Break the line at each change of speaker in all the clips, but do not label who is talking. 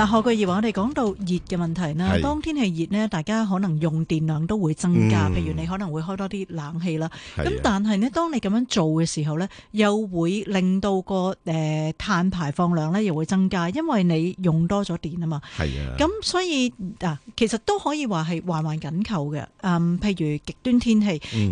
嗱，學個熱話，我哋講到熱嘅問題啦。是當天氣熱呢，大家可能用電量都會增加、嗯、譬如你可能會開多啲冷氣啦。咁、啊、但係呢，當你咁樣做嘅時候呢，又會令到個誒碳排放量呢又會增加，因為你用多咗電啊嘛。咁所以嗱，其實都可以話係環環緊扣嘅。譬如極端天氣，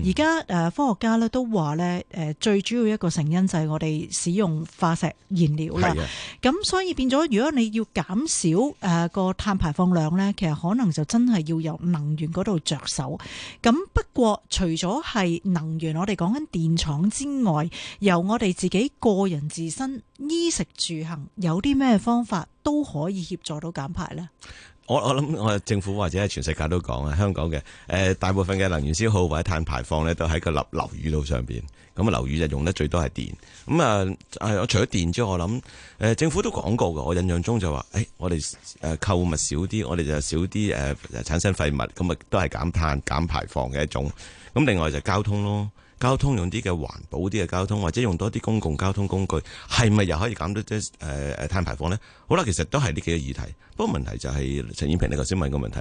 而家誒科學家咧都話呢，誒最主要一個成因就係我哋使用化石燃料啦。係咁、啊、所以變咗，如果你要減少少誒個碳排放量呢，其實可能就真係要由能源嗰度着手。咁不過除咗係能源，我哋講緊電廠之外，由我哋自己個人自身衣食住行，有啲咩方法？都可以協助到減排呢
我我諗我政府或者全世界都講啊，香港嘅誒、呃、大部分嘅能源消耗或者碳排放都喺個樓宇度上邊。咁啊樓宇就用得最多係電。咁啊係我除咗電之外，我諗誒、呃、政府都講過噶。我印象中就話誒、欸、我哋誒購物少啲，我哋就少啲誒、呃、產生廢物，咁啊都係減碳減排放嘅一種。咁另外就交通咯。交通用啲嘅環保啲嘅交通，或者用多啲公共交通工具，係咪又可以減到啲誒碳排放咧？好啦，其實都係呢幾個議題。個問題就係陳燕平你頭先問個問題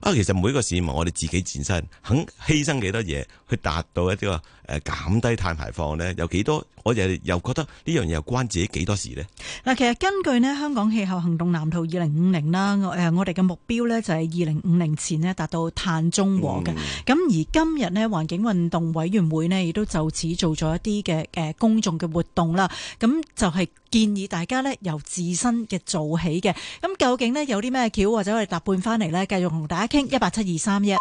啊，其實每個市民，我哋自己自身肯犧牲幾多嘢去達到一啲話誒減低碳排放呢？有幾多？我哋又覺得呢樣嘢又關自己幾多事呢？
嗱，其實根據呢香港氣候行動藍圖二零五零啦，誒我哋嘅目標呢就係二零五零前呢達到碳中和嘅。咁、嗯、而今日呢環境運動委員會呢，亦都就此做咗一啲嘅誒公眾嘅活動啦，咁就係、是。建議大家咧由自身嘅做起嘅，咁究竟呢有啲咩橋？或者我哋搭伴翻嚟呢，繼續同大家傾一八七二三一。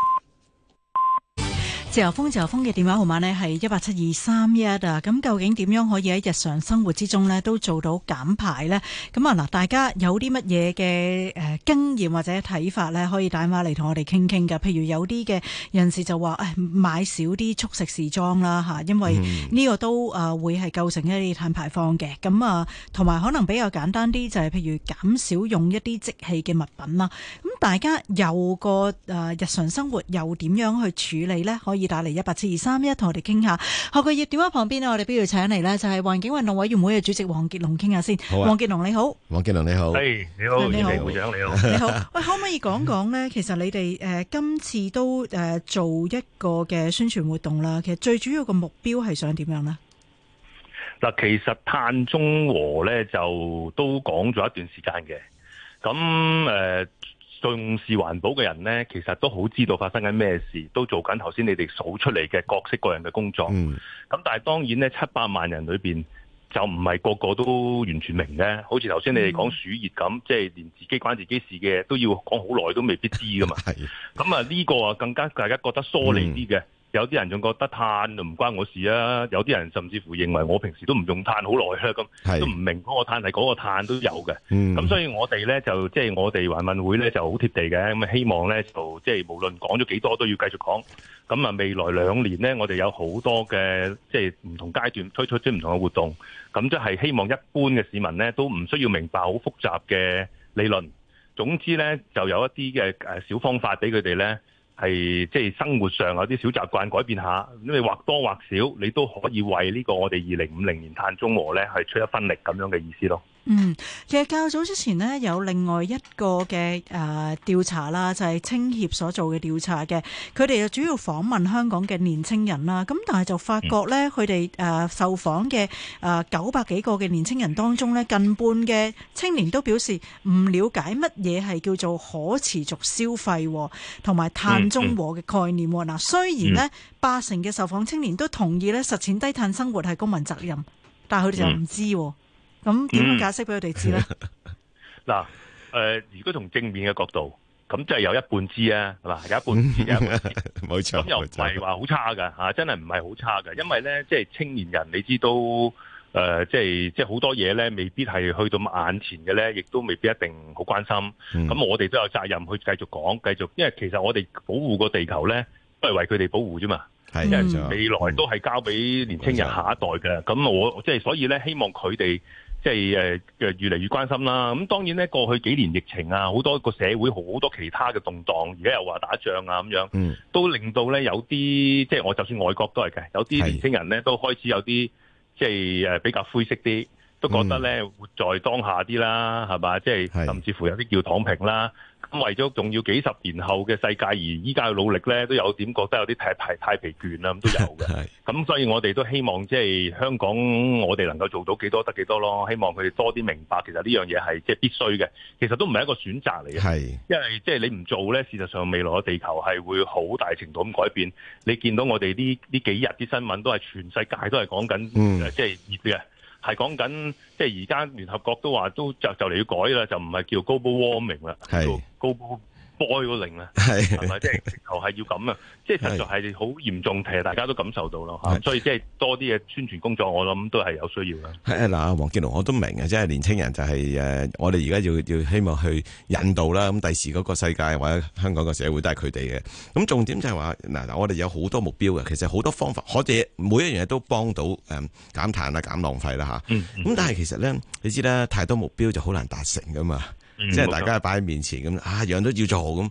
自由風，自由風嘅電話號碼呢係一八七二三一啊！咁究竟點樣可以喺日常生活之中呢都做到減排呢？咁啊嗱，大家有啲乜嘢嘅誒經驗或者睇法呢，可以打電話嚟同我哋傾傾噶。譬如有啲嘅人士就話，誒買少啲速食時裝啦吓，因為呢個都啊會係構成一啲碳排放嘅。咁啊，同埋可能比較簡單啲就係譬如減少用一啲即棄嘅物品啦。咁大家有個日常生活又點樣去處理呢？可以。打嚟一八七二三一同我哋傾下，好嘅，熱電喺旁邊咧，我哋都要請嚟呢就係、是、環境運動委員會嘅主席黃傑龍傾下先。啊、黃傑龍你好，
黃傑龍你好，你好，你好，長你好，你好。喂，
可唔可以講講呢？其實你哋誒、呃、今次都誒做一個嘅宣傳活動啦。其實最主要個目標係想點樣呢？
嗱，其實碳中和呢就都講咗一段時間嘅，咁誒。呃重視環保嘅人呢，其實都好知道發生緊咩事，都做緊頭先你哋數出嚟嘅各式各樣嘅工作。咁、嗯、但係當然呢，七百萬人裏邊就唔係個個都完全明嘅。好似頭先你哋講暑熱咁，嗯、即係連自己關自己事嘅都要講好耐都未必知噶嘛。咁啊呢個啊更加大家覺得疏離啲嘅。有啲人仲覺得碳就唔關我事啊！有啲人甚至乎認為我平時都唔用碳好耐啦，咁都唔明嗰個碳係嗰個碳都有嘅。咁、嗯、所以我哋呢，就即係、就是、我哋環運會呢，就好貼地嘅咁，希望呢，就即係、就是、無論講咗幾多都要繼續講。咁啊未來兩年呢，我哋有好多嘅即係唔同階段推出啲唔同嘅活動，咁即係希望一般嘅市民呢，都唔需要明白好複雜嘅理論。總之呢，就有一啲嘅誒小方法俾佢哋呢。係即係生活上有啲小習慣改變下，因為或多或少你都可以為呢個我哋二零五零年碳中和咧，係出一分力咁樣嘅意思咯。
嗯，其實較早之前呢，有另外一個嘅誒、呃、調查啦，就係、是、青協所做嘅調查嘅。佢哋就主要訪問香港嘅年青人啦。咁但係就發覺呢，佢哋誒受訪嘅誒九百幾個嘅年青人當中呢，近半嘅青年都表示唔了解乜嘢係叫做可持續消費同埋碳中和嘅概念、喔。嗱、嗯，嗯、雖然呢，八成嘅受訪青年都同意呢實踐低碳生活係公民責任，但係佢哋就唔知、喔。咁點解釋俾佢哋知咧？
嗱、嗯，誒、嗯呃，如果從正面嘅角度，咁就係有一半知啊，係嘛，有一半，
有一半，冇錯，
咁又唔係話好差㗎，嚇，真係唔係好差㗎，因為咧，即係青年人，你知都誒，即係即係好多嘢咧，未必係去到眼前嘅咧，亦都未必一定好關心。咁、嗯、我哋都有責任去繼續講，繼續，因為其實我哋保護個地球咧，都係為佢哋保護啫嘛。係、嗯，未來都係交俾年青人下一代嘅。咁、嗯、我即係所以咧，希望佢哋。即係誒越嚟越關心啦。咁當然咧，過去幾年疫情啊，好多個社會好多其他嘅動蕩，而家又話打仗啊咁樣，都令到咧有啲即係我就算外國都係嘅，有啲年輕人咧的都開始有啲即係誒比較灰色啲。都覺得咧活在當下啲啦，係嘛、嗯？即係、就是、甚至乎有啲叫躺平啦。咁是為咗仲要幾十年後嘅世界而依家嘅努力咧，都有點覺得有啲太疲太疲倦啦。咁都有嘅。咁是所以我哋都希望即係、就是、香港，我哋能夠做到幾多得幾多咯。希望佢哋多啲明白，其實呢樣嘢係即係必須嘅。其實都唔係一個選擇嚟嘅。是因為即係你唔做咧，事實上未來嘅地球係會好大程度咁改變。你見到我哋呢呢幾日啲新聞都係全世界都係講緊，即係、嗯、熱嘅。係講緊，即係而家聯合國都話都就就嚟要改啦，就唔係叫 global warming 啦，係 global< 是>。balling 啊，係，係咪即係直頭係要咁啊？即係實在係好嚴重，其實是大家都感受到咯吓，是所以即係多啲嘅宣傳工作，我諗都係有需要
嘅。係嗱，黃傑龍，我都明啊，即係年青人就係、是、誒，我哋而家要要希望去引導啦。咁第時嗰個世界或者香港個社會都係佢哋嘅。咁重點就係話嗱，我哋有好多目標嘅，其實好多方法，可以每一樣嘢都幫到誒減碳啦、減浪費啦吓。咁但係其實咧，你知啦，太多目標就好難達成噶嘛。嗯、即係大家擺喺面前咁，Okay. 啊樣都要做咁，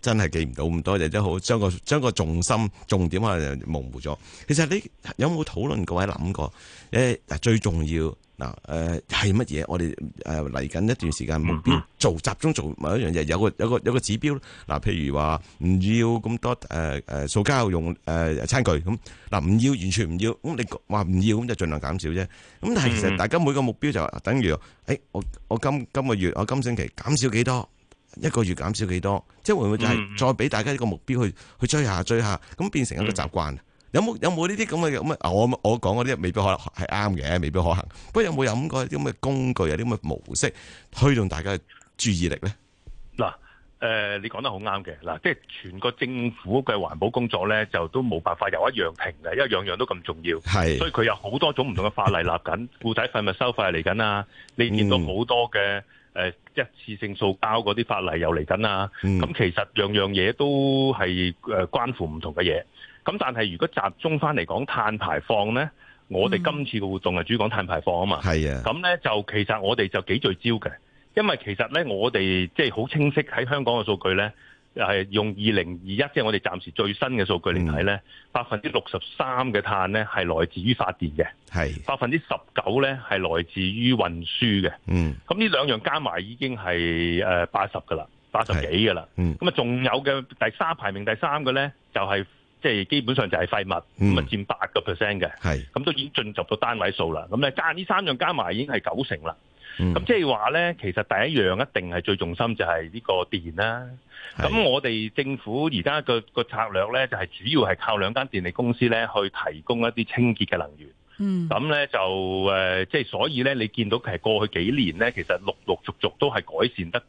真係記唔到咁多嘢，都好，將個將個重心重點啊模糊咗。其實你有冇討論過，喺諗過？誒，嗱，最重要嗱，誒係乜嘢？我哋誒嚟緊一段時間目標做集中做某一樣嘢，有個有個有個指標。嗱，譬如話唔要咁多誒誒塑膠用誒餐具咁嗱，唔要完全唔要咁你話唔要咁就盡量減少啫。咁但係其實大家每個目標就等於誒我我今今個月我今星期減少幾多？一個月減少幾多？即係會唔會就係再俾大家一個目標去去追下追下，咁變成一個習慣？有冇有冇呢啲咁嘅咁嘅？我我講嘅呢，未必可能係啱嘅，未必可行。不過有冇諗過啲咁嘅工具，有啲咁嘅模式推動大家嘅注意力咧？
嗱，誒，你講得好啱嘅嗱，即係全個政府嘅環保工作咧，就都冇辦法由一樣平嘅，因為樣樣都咁重要。係，所以佢有好多種唔同嘅法例立緊，固體廢物收費嚟緊啊！你見到好多嘅。誒一次性塑膠嗰啲法例又嚟緊啊！咁、嗯、其實樣樣嘢都係誒關乎唔同嘅嘢。咁但係如果集中翻嚟講碳排放呢，我哋今次嘅活動係主要講碳排放啊嘛。係啊、嗯，咁呢就其實我哋就幾聚焦嘅，因為其實呢，我哋即係好清晰喺香港嘅數據呢。用2021，就係用二零二一，即係我哋暫時最新嘅數據嚟睇咧，百分之六十三嘅碳咧係來自於發電嘅，係百分之十九咧係來自於運輸嘅、嗯，嗯，咁呢兩樣加埋已經係誒八十㗎喇，八十幾㗎喇，嗯，咁啊仲有嘅第三排名第三嘅咧，就係即係基本上就係廢物，咁啊、嗯、佔八個 percent 嘅，係，咁是都已經進入到單位數啦，咁咧加呢三樣加埋已經係九成啦。咁即係話呢，其實第一樣一定係最重心就係呢個電啦、啊。咁是我哋政府而家個個策略呢，就係、是、主要係靠兩間電力公司呢去提供一啲清潔嘅能源。嗯。咁呢就誒，即、呃、係、就是、所以呢，你見到其實過去幾年呢，其實陸陸續續都係改善得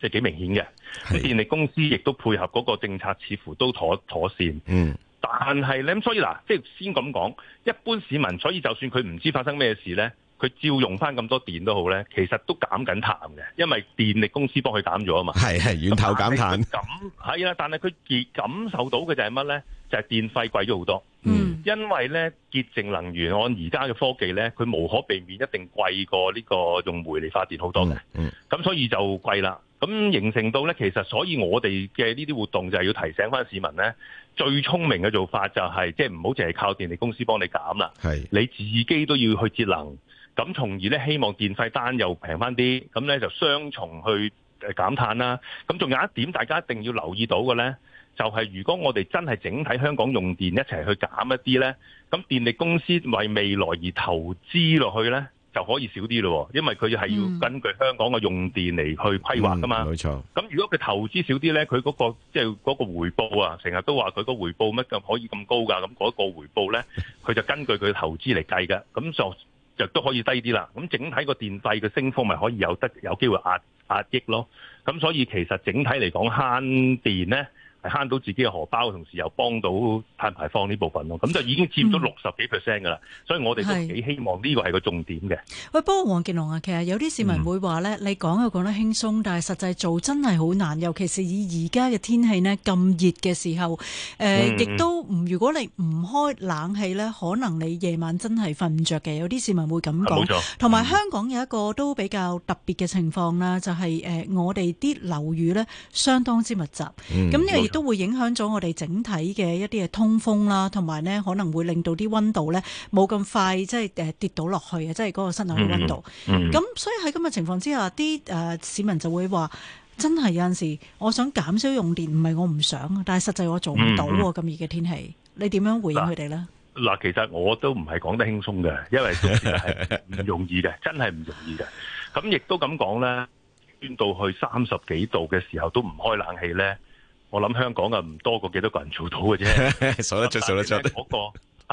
即係幾明顯嘅。咁是電力公司亦都配合嗰個政策，似乎都妥妥善。嗯。但係咧，所以嗱，即、就、係、是、先咁講，一般市民，所以就算佢唔知發生咩事呢。佢照用翻咁多電都好咧，其實都減緊碳嘅，因為電力公司幫佢減咗啊嘛。係係，源
頭減碳。
咁係啊，但係佢感感受到嘅就係乜咧？就係、是、電費貴咗好多。嗯，因為咧潔淨能源按而家嘅科技咧，佢無可避免一定貴過呢個用煤嚟發電好多嘅、嗯。嗯，咁所以就貴啦。咁形成到咧，其實所以我哋嘅呢啲活動就係要提醒翻市民咧，最聰明嘅做法就係即係唔好淨係靠電力公司幫你減啦。係的，你自己都要去節能。咁從而咧，希望電費單又平翻啲，咁咧就雙重去減碳啦。咁仲有一點，大家一定要留意到嘅咧，就係、是、如果我哋真係整體香港用電一齊去減一啲咧，咁電力公司為未來而投資落去咧，就可以少啲咯。因為佢係要根據香港嘅用電嚟去規劃噶嘛。冇錯、嗯嗯、咁如果佢投資少啲咧，佢嗰、那個即係嗰個回報啊，成日都話佢個回報乜嘅可以咁高㗎？咁嗰個回報咧，佢就根據佢投資嚟計嘅。咁就 亦都可以低啲啦，咁整體個電費嘅升幅咪可以有得有機會壓壓抑咯，咁所以其實整體嚟講慳電咧。係慳到自己嘅荷包，同時又幫到碳排放呢部分咯。咁就已經佔咗六十幾 percent 㗎喇。所以我哋就幾希望呢個係個重點嘅。
喂，不過黃傑龍啊，其實有啲市民會話咧，你講又講得輕鬆，但係實際做真係好難。尤其是以而家嘅天氣咧咁熱嘅時候，誒亦都唔如果你唔開冷氣咧，可能你夜晚真係瞓唔著嘅。有啲市民會咁講。冇錯。同埋香港有一個都比較特別嘅情況啦，就係誒我哋啲樓宇咧相當之密集。嗯。咁因為都會影響咗我哋整體嘅一啲嘅通風啦，同埋呢可能會令到啲溫度呢冇咁快即係跌到落去啊！即係嗰、呃、個室內嘅溫度。咁、嗯嗯、所以喺咁嘅情況之下，啲誒、呃、市民就會話：「真係有陣時，我想減少用電，唔係我唔想，但係實際我做唔到喎。咁熱嘅天氣，你點樣回應佢哋呢？」
嗱，其實我都唔係講得輕鬆嘅，因為事實係唔容易嘅， 真係唔容易嘅。咁亦都咁講呢，暖到去三十幾度嘅時候都唔開冷氣呢。我諗香港啊，唔多過幾多個人做到嘅啫，數得著、數得著。嗰個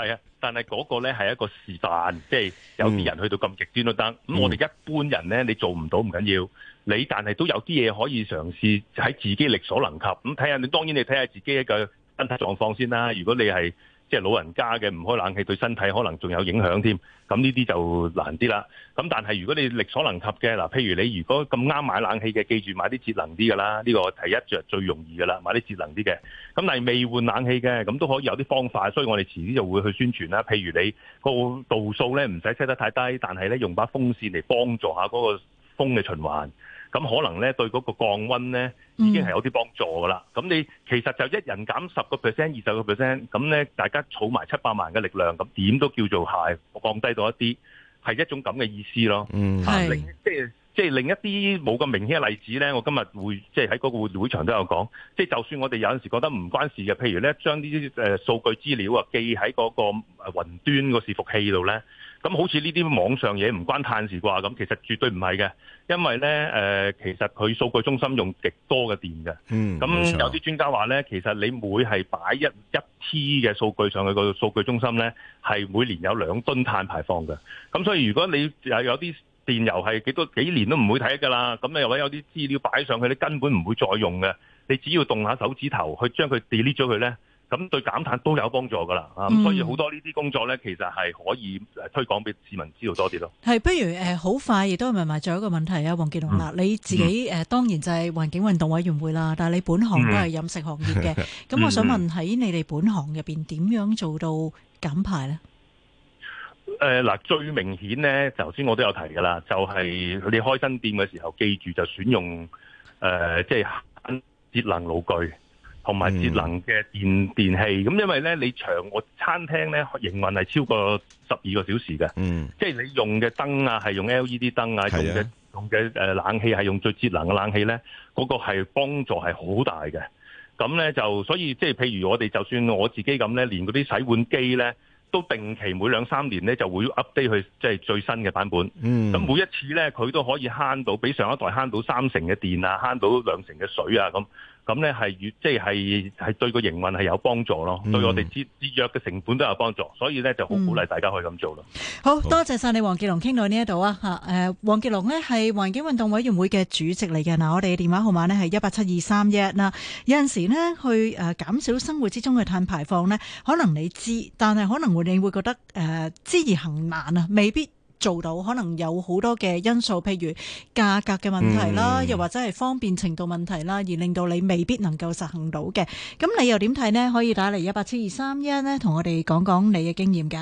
係啊，但係嗰個咧係一個示範，即係有啲人去到咁極端都得。咁我哋一般人咧，你做唔到唔緊要，你但係都有啲嘢可以嘗試喺自己力所能及。咁睇下你，當然你睇下自己一個身體狀況先啦。如果你係，即係老人家嘅唔開冷氣對身體可能仲有影響添，咁呢啲就難啲啦。咁但係如果你力所能及嘅嗱，譬如你如果咁啱買冷氣嘅，記住買啲節能啲㗎啦。呢個第一着最容易㗎啦，買啲節能啲嘅。咁但係未換冷氣嘅，咁都可以有啲方法，所以我哋遲啲就會去宣傳啦。譬如你個度數咧唔使 set 得太低，但係咧用把風扇嚟幫助下嗰個風嘅循環。咁可能咧對嗰個降温咧已經係有啲幫助噶啦。咁、嗯、你其實就一人減十個 percent、二十個 percent，咁咧大家儲埋七百萬嘅力量，咁點都叫做係降低到一啲，係一種咁嘅意思咯。嗯，係。即係即係另一啲冇咁明顯嘅例子咧，我今日會即係喺嗰個會,會場都有講。即係就算我哋有陣時覺得唔關事嘅，譬如咧將呢啲誒數據資料啊記喺嗰個雲端個伺服器度咧。咁好似呢啲網上嘢唔關碳事啩？咁其實絕對唔係嘅，因為呢，呃、其實佢數據中心用極多嘅電嘅。嗯。咁有啲專家話呢，其實你每係擺一一 T 嘅數據上去個數據中心呢係每年有兩噸碳排放嘅。咁所以如果你有啲電郵係幾多幾年都唔會睇㗎啦，咁又或者有啲資料擺上去，你根本唔會再用嘅，你只要動下手指頭去將佢 delete 咗佢呢。咁對減碳都有幫助噶啦，啊、嗯，咁所以好多呢啲工作咧，其實係可以推廣俾市民知道多啲咯。
係不如誒，好、呃、快亦都咪埋最後一個問題啊，黃傑龍啦，你自己誒、嗯呃，當然就係環境運動委員會啦，但係你本行都係飲食行業嘅，咁、嗯、我想問喺你哋本行入邊點樣做到減排咧？
誒、嗯，嗱、嗯呃，最明顯咧，頭先我都有提噶啦，就係、是、你開新店嘅時候，記住就選用誒、呃，即係節能爐具。同埋節能嘅電、嗯、電器，咁因為咧，你長我餐廳咧營運係超過十二個小時嘅，嗯，即係你用嘅燈啊，係用 LED 燈啊，啊用嘅用嘅、呃、冷氣係用最節能嘅冷氣咧，嗰、嗰個係幫助係好大嘅。咁咧就所以，即係譬如我哋就算我自己咁咧，連嗰啲洗碗機咧都定期每兩三年咧就會 update 去即係最新嘅版本。咁、嗯、每一次咧佢都可以慳到比上一代慳到三成嘅電啊，慳到兩成嘅水啊咁。咁呢係即係係對個營運係有幫助咯，嗯、對我哋節節約嘅成本都有幫助，所以呢就好鼓勵大家可以咁做咯、嗯。好多謝晒
你黃傑龍、呃，黃傑龍傾到呢一度啊吓。誒，黃傑龍呢係環境運動委員會嘅主席嚟嘅。嗱、呃，我哋電話號碼呢係一八七二三一。嗱，有陣時呢去誒減少生活之中嘅碳排放呢可能你知，但係可能會你會覺得誒、呃、知而行難啊，未必。做到可能有好多嘅因素，譬如價格嘅問題啦，嗯、又或者係方便程度問題啦，而令到你未必能夠實行到嘅。咁你又點睇咧？可以打嚟，一八七二三一咧，同我哋講講你嘅經驗嘅。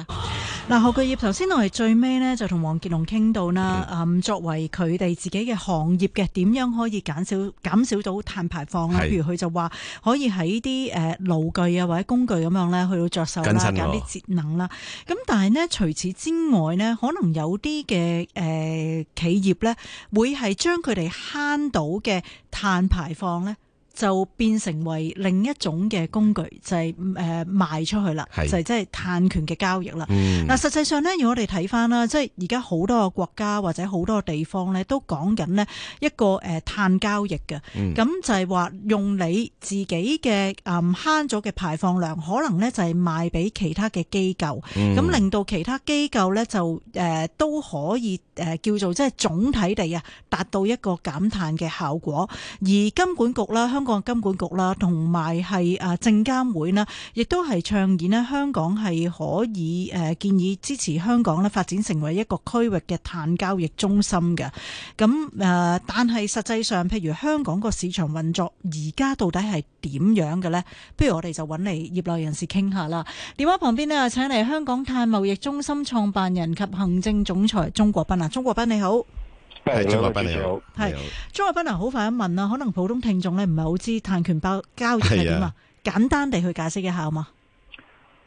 嗱唉，何巨業，頭先我哋最尾咧就同黃杰龍傾到啦，咁、嗯嗯、作為佢哋自己嘅行業嘅點樣可以減少減少到碳排放啦？是譬如佢就話可以喺啲誒爐具啊或者工具咁樣咧去到着手啦，減啲節能啦。咁但係咧，除此之外咧，可能有有啲嘅誒企業咧，會係將佢哋慳到嘅碳排放咧。就變成為另一種嘅工具，就係、是、誒、呃、賣出去啦，是就係即係碳權嘅交易啦。嗱、嗯，實際上咧，如果我哋睇翻啦，即係而家好多個國家或者好多地方咧，都講緊咧一個誒、呃、碳交易嘅。咁、嗯、就係話用你自己嘅誒慳咗嘅排放量，可能咧就係賣俾其他嘅機構，咁、嗯、令到其他機構咧就誒、呃、都可以誒、呃、叫做即係總體地啊達到一個減碳嘅效果。而金管局啦，香。香港金管局啦，同埋係啊證監會啦，亦都係倡議咧，香港係可以誒建議支持香港咧發展成為一個區域嘅碳交易中心嘅。咁誒，但係、呃、實際上，譬如香港個市場運作而家到底係點樣嘅咧？不如我哋就揾嚟業內人士傾下啦。電話旁邊咧，請嚟香港碳貿易中心創辦人及行政總裁鍾國斌啊，鍾國斌，鍾國斌你好。
係鍾國斌你好，
係鍾國斌啊！好快一問啦，可能普通聽眾咧唔係好知碳權交交易係點啊？的簡單地去解釋一下好嘛？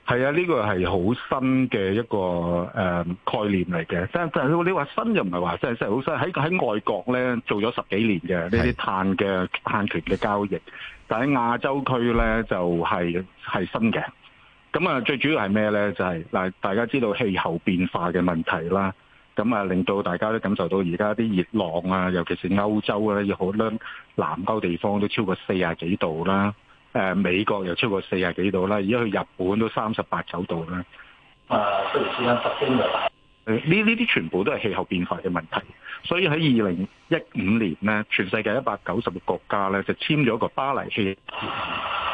係啊，呢個係好新嘅一個誒、嗯、概念嚟嘅。你話新又唔係話真係真係好新。喺喺外國咧做咗十幾年嘅呢啲碳嘅碳權嘅交易，的但喺亞洲區咧就係、是、係新嘅。咁啊，最主要係咩咧？就係、是、嗱，大家知道氣候變化嘅問題啦。咁啊，令到大家都感受到而家啲熱浪啊，尤其是歐洲啊，有好多南歐地方都超過四十幾度啦，誒美國又超過四十幾度啦，而家去日本都三十八九度啦。啊，突然之間十度。誒，呢呢啲全部都係氣候變化嘅問題，所以喺二零一五年呢，全世界一百九十個國家呢，就簽咗一個巴黎協議，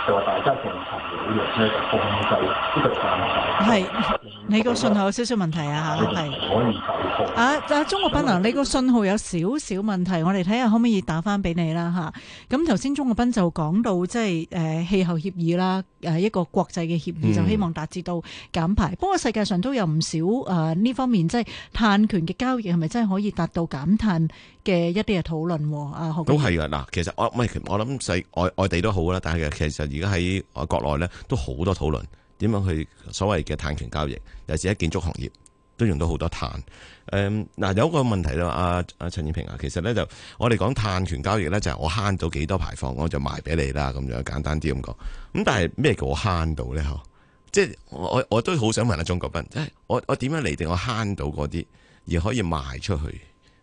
就話大家共同努力呢，就
控制呢個碳排放。係，你個信號有少少問題啊？吓，係，可以唔打？啊啊，鍾國斌啊，你個信號有少少問題，我哋睇下可唔可以打翻俾你啦？吓，咁頭先鍾國斌就講到即係誒氣候協議啦，誒一個國際嘅協議、嗯、就希望達至到減排。不過世界上都有唔少誒呢、呃、方面，即係碳權嘅交易，係咪真係可以達到減碳嘅？一啲嘅討論啊，都係噶
嗱。其實我唔係我諗，世外外地都好啦，但係其實而家喺國內咧，都好多討論點樣去所謂嘅碳權交易。尤其是喺建築行業，都用到好多碳。誒、嗯、嗱、啊，有一個問題就阿阿陳燕平啊，其實咧就我哋講碳權交易咧，就係、是、我慳到幾多排放，我就賣俾你啦。咁樣簡單啲咁講。咁但係咩叫我慳到咧？嗬、啊，即係我我都好想問阿、啊、鍾國斌，即係我我點樣嚟定我慳到嗰啲，而可以賣出去？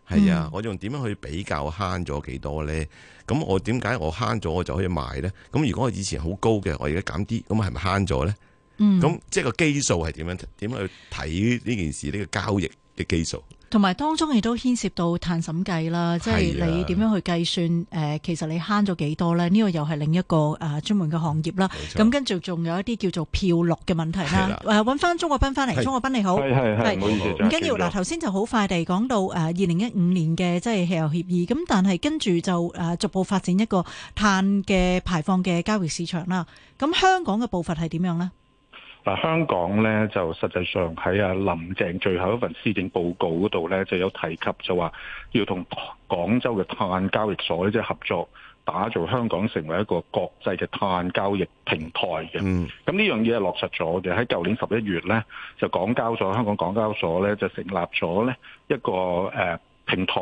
係啊，我仲點樣去比較慳咗幾多咧？咁我點解我慳咗我就可以賣咧？咁如果我以前好高嘅，我而家減啲，咁係咪慳咗咧？咁、嗯、即係個基數係點樣？點樣去睇呢件事呢、呢個交易嘅基數？
同埋當中亦都牽涉到碳審計啦，即係你點樣去計算？誒、呃，其實你慳咗幾多咧？呢、這個又係另一個誒、呃、專門嘅行業啦。咁錯、嗯、跟住仲有一啲叫做漂綠嘅問題啦。誒的，揾翻鍾國斌翻嚟，的鍾國斌你好。係唔的好緊要。嗱，頭先就好快地講到誒二零一五年嘅即係氣候協議，咁但係跟住就誒、啊、逐步發展一個碳嘅排放嘅交易市場啦。咁香港嘅步伐係點樣咧？
嗱，香港咧就實際上喺阿林鄭最後一份施政報告嗰度咧，就有提及就話要同廣州嘅碳交易所咧，即係合作，打造香港成為一個國際嘅碳交易平台嘅。嗯，咁呢樣嘢係落實咗嘅。喺舊年十一月咧，就港交所香港港交所咧就成立咗咧一個、呃、平台，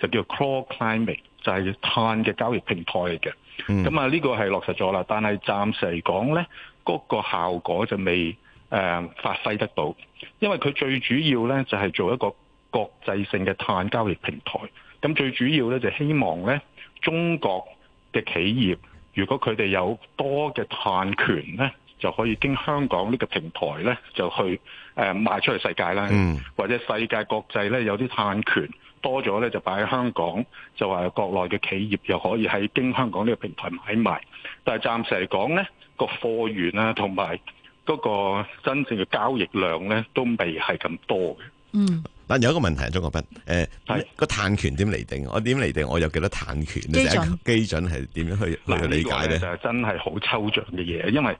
就叫 Core Climate，就係碳嘅交易平台嚟嘅。咁啊呢個係落實咗啦，但係暫時嚟講咧。嗰個效果就未誒、呃、發揮得到，因為佢最主要呢就係、是、做一個國際性嘅碳交易平台，咁最主要呢，就是、希望呢中國嘅企業，如果佢哋有多嘅碳權呢就可以經香港呢個平台呢就去誒、呃、賣出去世界啦，或者世界國際呢有啲碳權，多咗呢，就擺喺香港，就話國內嘅企業又可以喺經香港呢個平台買賣，但係暫時嚟講呢個貨源啊，同埋嗰個真正嘅交易量呢，都未係咁多嘅。嗯，
但有一個問題啊，鍾國斌，誒、呃、係是個碳權點嚟定？我點嚟定？我有幾多碳權準第一準基準係點樣去理解呢？其實
真係好抽象嘅嘢，
因為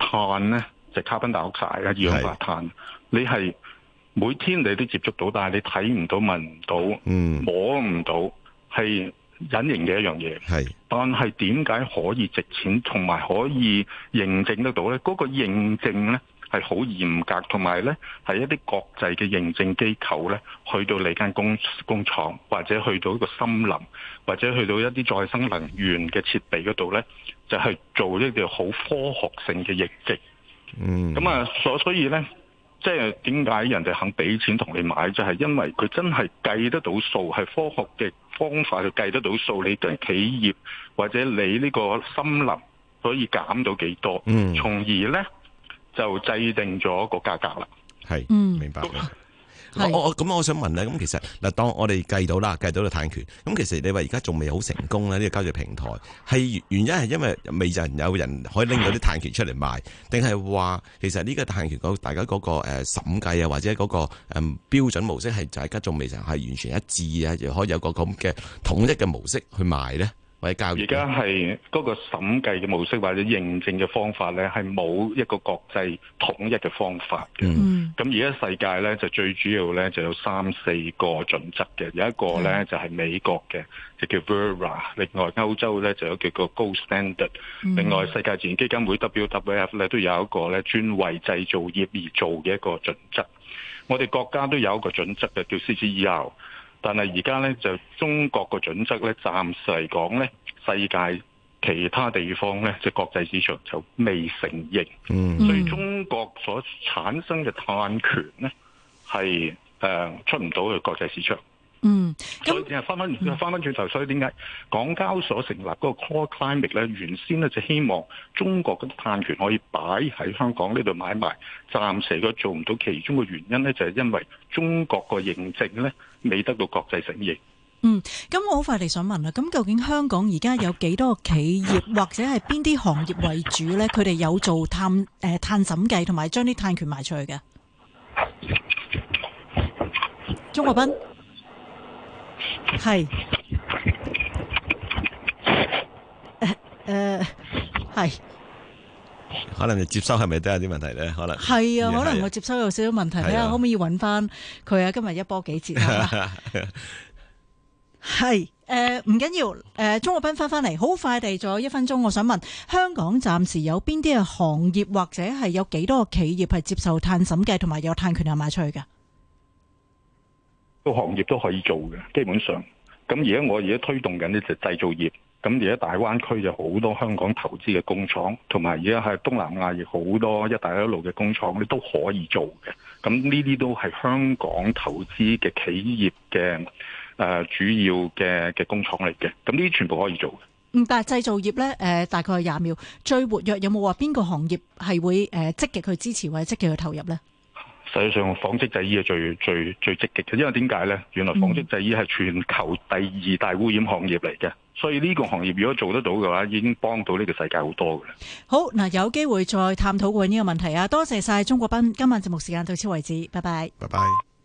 碳呢，即、
就、係、是、carbon dioxide，二氧化碳，是你係。每天你都接觸到，但係你睇唔到、聞唔到、嗯、摸唔到，係隱形嘅一樣嘢。係，但係點解可以值錢，同埋可以認證得到呢？嗰個認證呢係好嚴格，同埋呢係一啲國際嘅認證機構呢去到你間工工廠，或者去到一個森林，或者去到一啲再生能源嘅設備嗰度呢，就係做一啲好科學性嘅驗證。嗯，咁啊，所以呢。即係點解人哋肯俾錢同你買？就係因為佢真係計得到數，係科學嘅方法去計得到數，你嘅企業或者你呢個森林可以減到幾多？嗯，從而呢就制定咗個價格啦。
係，嗯，明白。 我我咁我想問咧，咁其實嗱，當我哋計到啦，計到個碳權，咁其實你話而家仲未好成功咧，呢個交易平台係原因係因為未曾有人可以拎到啲碳權出嚟賣，定係話其實呢個碳權嗰大家嗰個誒審計啊，或者嗰個誒標準模式係就係而家仲未成係完全一致啊，亦可以有個咁嘅統一嘅模式去賣咧？
而家係嗰個審計嘅模式或者認證嘅方法咧，係冇一個國際統一嘅方法嘅。咁而家世界咧就最主要咧就有三四個準則嘅，有一個咧就係美國嘅、mm. 就叫 Verra，另外歐洲咧就有叫 Gold Standard，、
mm. 另外世
界自然基金會 WWF 咧都有一個咧專為製造業而做嘅一個準則。我哋國家都有一個準則嘅叫 CCER。但係而家咧就中國個準則咧，暫時嚟講咧，世界其他地方咧，即係國際市場就未承認，嗯、所以中國所產生嘅碳權咧，係誒、呃、出唔到去國際市場。嗯，所以又翻翻，翻翻轉頭，所以點解港交所成立嗰個 Core Climate 咧，原先咧就希望中國嗰啲碳權可以擺喺香港呢度買賣，暫時都做唔到，其中嘅原因咧就係因為中國個認證咧未得到國際承認。嗯，
咁我好快地想問啦，咁究竟香港而家有幾多企業或者係邊啲行業為主咧，佢哋有做碳誒、碳審計，同埋將啲碳權賣出去嘅？鍾國斌。係
誒係，可能你接收係咪都有啲問題咧？可能係啊，下可能我接
收有少少問題，睇下、啊、可唔可以揾翻佢啊？今日一波幾折 啊？係誒， 唔緊要誒，鍾國斌翻翻嚟，好、呃、快地，仲有一分鐘，我想問香港暫時有邊啲啊行業或者係有幾多個企業係接受碳審計，同埋有碳權啊賣出去嘅？
個行業都可以做嘅，基本上。咁而家我而家推動緊咧就係製造業。咁而家大灣區就好多香港投資嘅工廠，同埋而家係東南亞亦好多一帶一路嘅工廠，呢都可以做嘅。咁呢啲都係香港投資嘅企業嘅誒主要嘅嘅工廠嚟嘅。咁呢啲全部可以做嘅。
咁但係製造業咧，誒大概係廿秒最活躍，有冇話邊個行業係會誒積極去支持或者積極去投入咧？
實際上紡織製衣係最最最積極嘅，因為點解呢？原來紡織製衣係全球第二大污染行業嚟嘅，所以呢個行業如果做得到嘅話，已經幫到呢個世界好多嘅啦。
好，嗱，有機會再探討過呢個問題啊！多謝晒鍾國斌，今晚節目時間到此為止，拜拜，拜
拜。